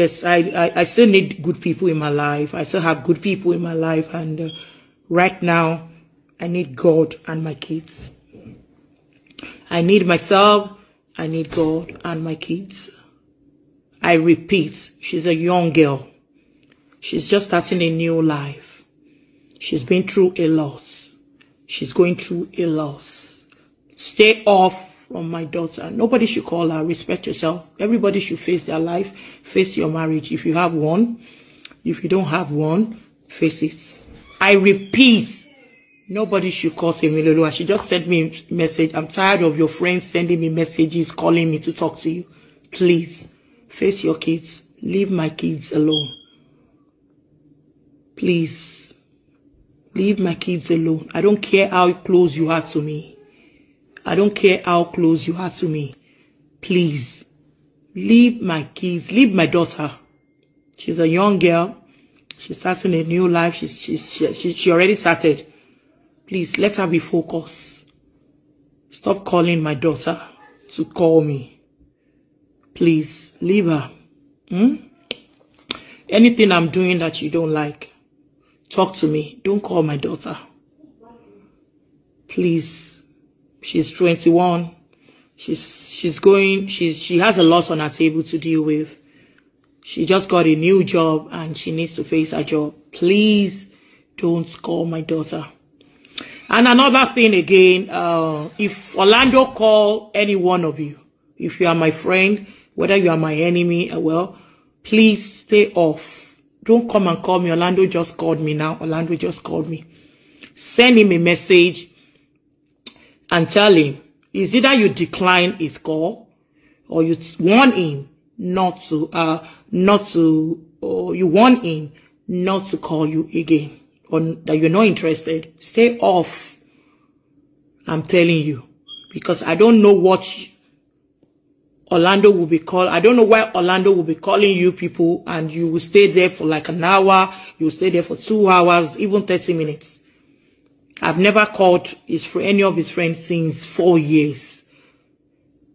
yes I, I, I still need good people in my life i still have good people in my life and uh, right now i need god and my kids i need myself i need god and my kids i repeat she's a young girl she's just starting a new life she's been through a loss. she's going through a loss. stay off from my daughter. Nobody should call her. Respect yourself. Everybody should face their life. Face your marriage. If you have one, if you don't have one, face it. I repeat, nobody should call Temilolua. She just sent me a message. I'm tired of your friends sending me messages, calling me to talk to you. Please, face your kids. Leave my kids alone. Please, leave my kids alone. I don't care how close you are to me. I don't care how close you are to me. Please, leave my kids, leave my daughter. She's a young girl. She's starting a new life. She's, she's, she, she already started. Please, let her be focused. Stop calling my daughter to call me. Please, leave her. Hmm? Anything I'm doing that you don't like, talk to me. Don't call my daughter. Please. She's 21. She's she's going. She's she has a lot on her table to deal with. She just got a new job and she needs to face her job. Please don't call my daughter. And another thing again, uh, if Orlando call any one of you, if you are my friend, whether you are my enemy, uh, well, please stay off. Don't come and call me. Orlando just called me now. Orlando just called me. Send him a message and tell him, it's either you decline his call or you warn him not to, uh, not to, or you warn him not to call you again or that you're not interested. Stay off. I'm telling you because I don't know what Orlando will be called. I don't know why Orlando will be calling you people and you will stay there for like an hour. You will stay there for two hours, even 30 minutes. I've never called his, any of his friends since four years.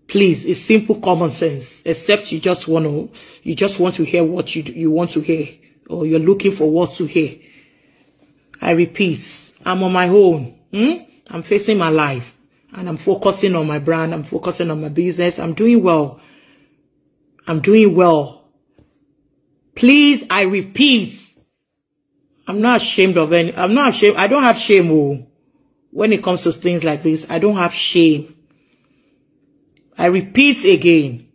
Please, it's simple common sense. Except you just want to, you just want to hear what you you want to hear, or you're looking for what to hear. I repeat, I'm on my own. Hmm? I'm facing my life, and I'm focusing on my brand. I'm focusing on my business. I'm doing well. I'm doing well. Please, I repeat, I'm not ashamed of any. I'm not ashamed. I don't have shame oh, when it comes to things like this. I don't have shame. I repeat again.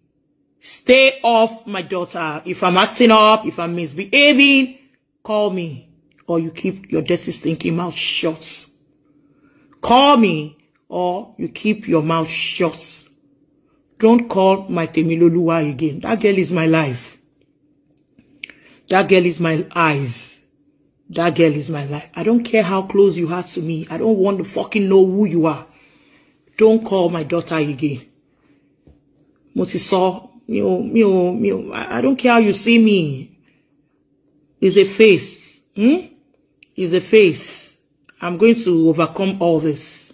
Stay off my daughter. If I'm acting up, if I'm misbehaving, call me. Or you keep your dirty stinking mouth shut. Call me or you keep your mouth shut. Don't call my Temiloluwa again. That girl is my life. That girl is my eyes. That girl is my life. I don't care how close you are to me. I don't want to fucking know who you are. Don't call my daughter again. What you saw, mi ò, mi I I don't care how you see me. It's a face. Hmm? It's a face. I'm going to overcome all this.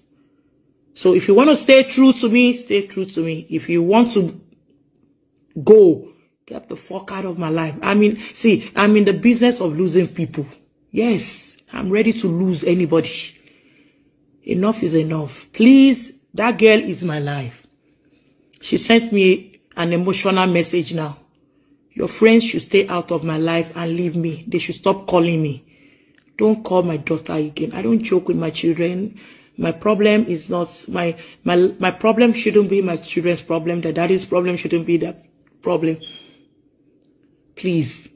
So if you want to stay true to me, stay true to me. If you want to go, get the fuck out of my life. I mean, see, I'm in the business of losing people. Yes, I'm ready to lose anybody. Enough is enough. Please, that girl is my life. She sent me an emotional message now. Your friends should stay out of my life and leave me. They should stop calling me. Don't call my daughter again. I don't joke with my children. My problem is not my my my problem shouldn't be my children's problem. The daddy's problem shouldn't be that problem. Please.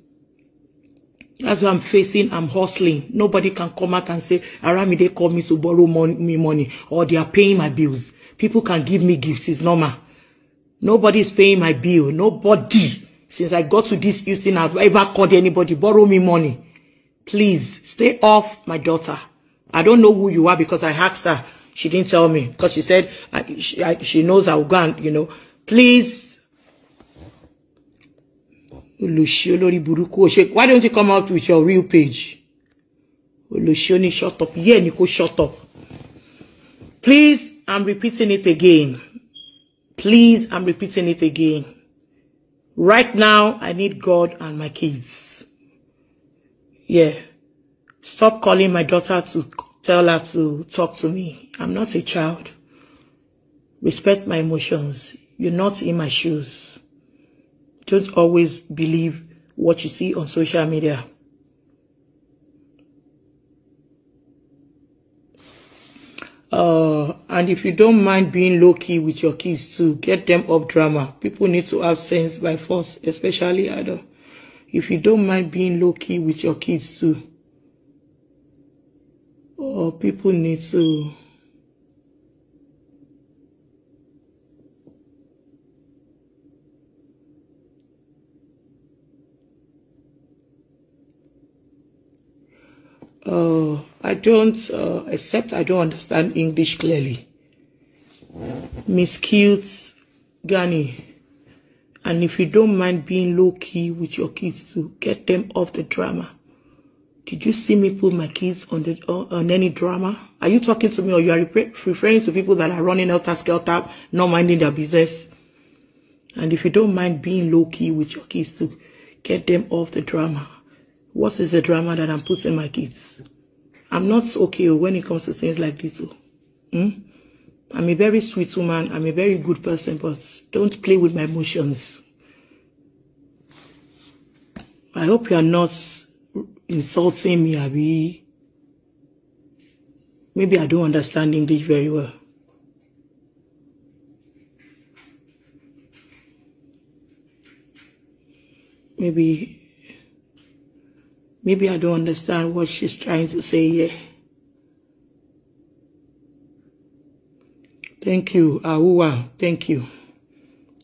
That's what I'm facing. I'm hustling. Nobody can come out and say, they call me to borrow mon me money or they are paying my bills. People can give me gifts. It's normal. Nobody is paying my bill. Nobody. Since I got to this Houston, I've ever called anybody, borrow me money. Please, stay off my daughter. I don't know who you are because I asked her. She didn't tell me because she said I, she, I, she knows I'll go and, you know. Please burúkú o ṣe why don't you come out with your real page? Olùṣe shut up Yeah, ni kò shut up. Please I'm repeating it again. Please I'm repeating it again. Right now I need God and my kids. Yeah. Stop calling my daughter to tell her to talk to me. I'm not a child. Respect my emotions. You're not in my shoes. Don't always believe what you see on social media. Uh, and if you don't mind being low-key with your kids too, get them up drama. People need to have sense by force, especially adults. If you don't mind being low-key with your kids too. oh, people need to... Uh, I don't, uh, I don't understand English clearly. Miss Kilt's Gani. And if you don't mind being low-key with your kids to get them off the drama. Did you see me put my kids on the uh, on any drama? Are you talking to me or you are referring to people that are running out helter-skelter, not minding their business? And if you don't mind being low-key with your kids to get them off the drama, what is the drama that I'm putting my kids? I'm not okay oh, when it comes to things like this. Oh. Hmm? I'm a very sweet woman. I'm a very good person, but don't play with my emotions. I hope you are not insulting me, Maybe I don't understand English very well. Maybe Maybe I don't understand what she's trying to say here. Thank you, Awuwa. Thank you.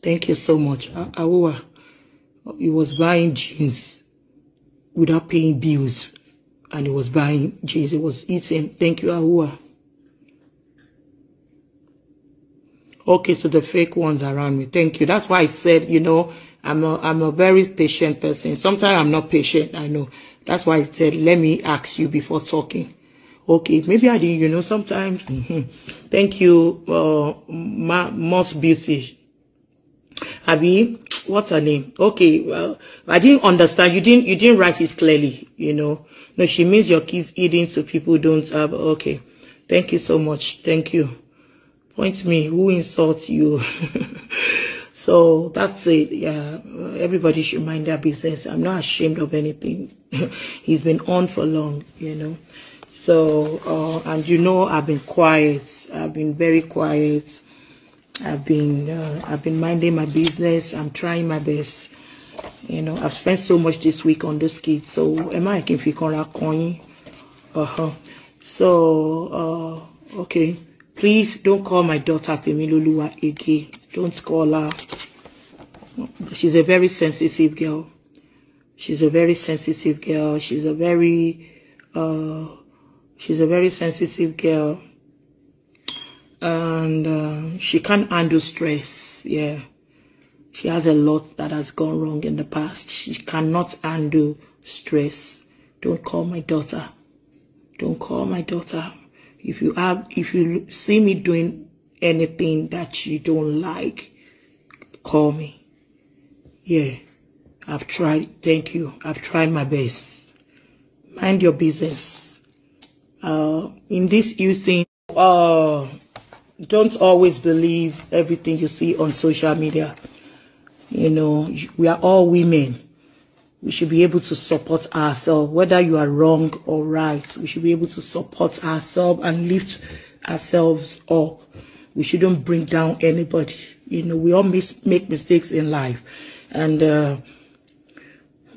Thank you so much. Awuwa, he was buying jeans without paying bills. And he was buying jeans. He was eating. Thank you, Awuwa. Okay, so the fake ones around me. Thank you. That's why I said, you know, I'm a, I'm a very patient person. Sometimes I'm not patient, I know. That's why I said, let me ask you before talking. Okay, maybe I didn't, you know, sometimes. Mm -hmm. Thank you, uh, Ma Moss Beauty. Abby, what's her name? Okay, well, I didn't understand. You didn't, you didn't write it clearly, you know. No, she means your kids eating so people don't have, okay. Thank you so much. Thank you. Point me, who insults you? So that's it. Yeah, everybody should mind their business. I'm not ashamed of anything. He's been on for long, you know. So, uh, and you know, I've been quiet. I've been very quiet. I've been, uh, I've been minding my business. I'm trying my best. You know, I've spent so much this week on those kids. So, am I can feel on that coin? Uh huh. So, uh, okay. Please don't call my daughter Temiloluwa again. Don't call her. She's a very sensitive girl. She's a very sensitive girl. She's a very, uh, she's a very sensitive girl. And uh, she can't handle stress. Yeah. She has a lot that has gone wrong in the past. She cannot handle stress. Don't call my daughter. Don't call my daughter. If you have, if you see me doing anything that you don't like, call me. Yeah, I've tried. Thank you. I've tried my best. Mind your business. Uh, in this using, uh, don't always believe everything you see on social media. You know, we are all women. We should be able to support ourselves, whether you are wrong or right. We should be able to support ourselves and lift ourselves up we shouldn't bring down anybody. You know, we all mis make mistakes in life. And uh,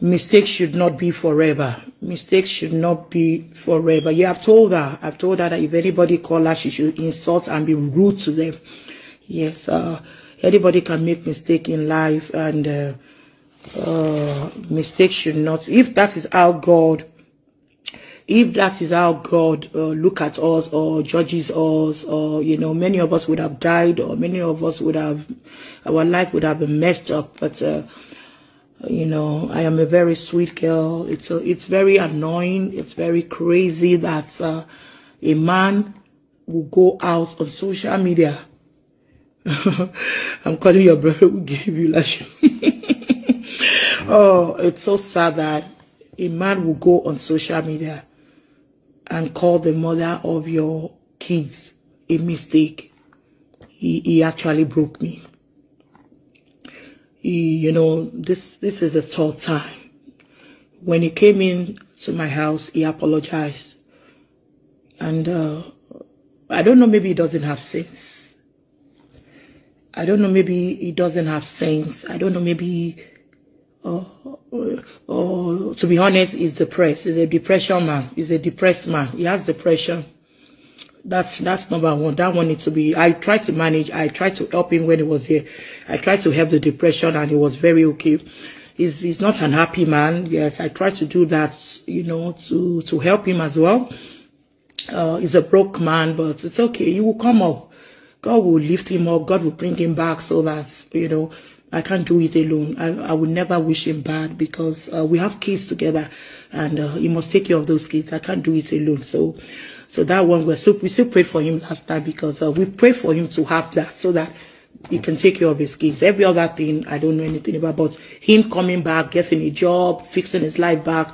mistakes should not be forever. Mistakes should not be forever. Yeah, I've told her. I've told her that if anybody call her, she should insult and be rude to them. Yes, uh, anybody can make mistake in life and uh, uh mistakes should not. If that is how God if that is how God uh, look at us or judges us, or you know, many of us would have died, or many of us would have, our life would have been messed up. But uh, you know, I am a very sweet girl. It's a, uh, it's very annoying. It's very crazy that uh, a man will go out on social media. I'm calling your brother We gave you last year. oh, it's so sad that a man will go on social media and call the mother of your kids a mistake. He, he actually broke me. He, you know, this, this is the third time. When he came in to my house, he apologized. And uh, I don't know, maybe he doesn't have sense. I don't know, maybe he doesn't have sense. I don't know, maybe Oh, to be honest, is depressed. He's a depression man. He's a depressed man. He has depression. That's that's number one. That one needs to be. I tried to manage. I tried to help him when he was here. I tried to help the depression, and he was very okay. He's he's not an happy man. Yes, I tried to do that. You know, to to help him as well. Uh, he's a broke man, but it's okay. He will come up. God will lift him up. God will bring him back so that you know I can't do it alone. I, I would never wish him bad because uh, we have kids together and uh, he must take care of those kids. I can't do it alone. So, so that one, we're still, we still prayed for him last time because uh, we prayed for him to have that so that he can take care of his kids. Every other thing, I don't know anything about, but him coming back, getting a job, fixing his life back,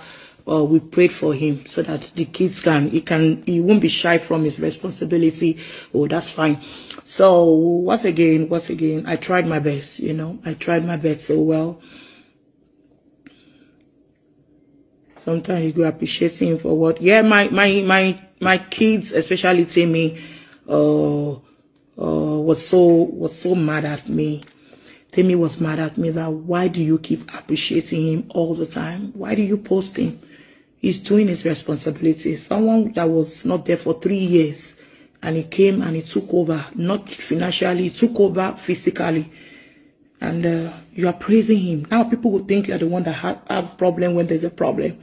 uh, we prayed for him so that the kids can, he can, he won't be shy from his responsibility. Oh, that's fine. So once again, once again, I tried my best, you know. I tried my best so well. Sometimes you go appreciating for what. Yeah, my my my my kids, especially Timmy, uh, uh, was so was so mad at me. Timmy was mad at me that why do you keep appreciating him all the time? Why do you post him? He's doing his responsibility. Someone that was not there for three years and he came and he took over, not financially, he took over physically. And uh, you are praising him. Now people will think you are the one that have, have problem when there's a problem.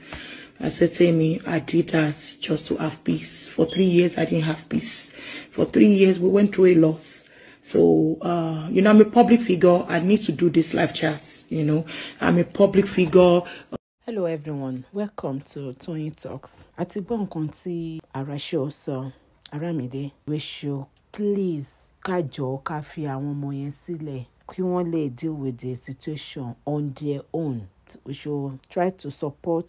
I said, to me, I did that just to have peace. For three years, I didn't have peace. For three years, we went through a loss. So, uh, you know, I'm a public figure. I need to do this live chat, you know. I'm a public figure. Hello, everyone. Welcome to Tony Talks. Àti gbọ́ nǹkan tí Arasho sọ. Àràmídé we should please kajo kafi ká fi àwọn ọmọ yẹn sílẹ̀ kí wọ́n lè deal with the situation on their own. We should try to support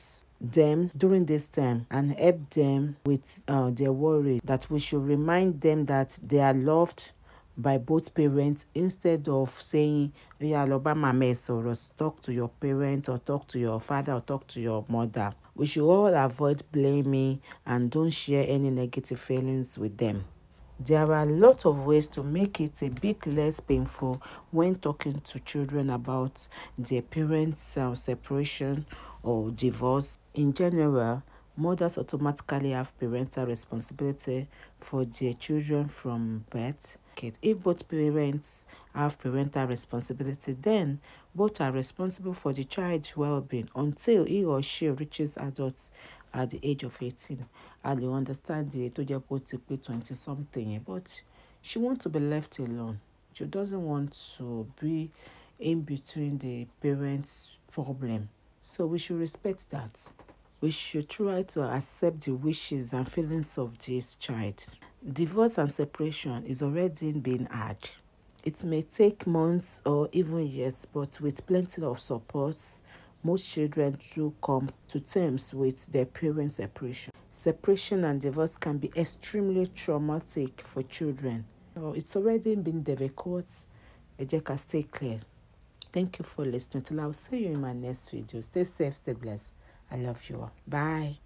them during this time and help them with uh, their worry that we should remind them that they are loved by both parents instead of saying yeah loba mess," or talk to your parents or talk to your father or talk to your mother we should all avoid blaming and don't share any negative feelings with them there are a lot of ways to make it a bit less painful when talking to children about their parents uh, separation or divorce in general mothers automatically have parental responsibility for their children from birth market. If both parents have parental responsibility, then both are responsible for the child's well being until he or she reaches adults at the age of 18. I understand the to pay 20 something, but she wants to be left alone. She doesn't want to be in between the parents' problem. So we should respect that. We should try to accept the wishes and feelings of this child. Divorce and separation is already being hard. It may take months or even years, but with plenty of support, most children do come to terms with their parents' separation. Separation and divorce can be extremely traumatic for children. So it's already been difficult. Ẹ jẹ́ stay clear. Thank you for listening. Till I'll see you in my next video. Stay safe, stay blessed. I love you all. Bye.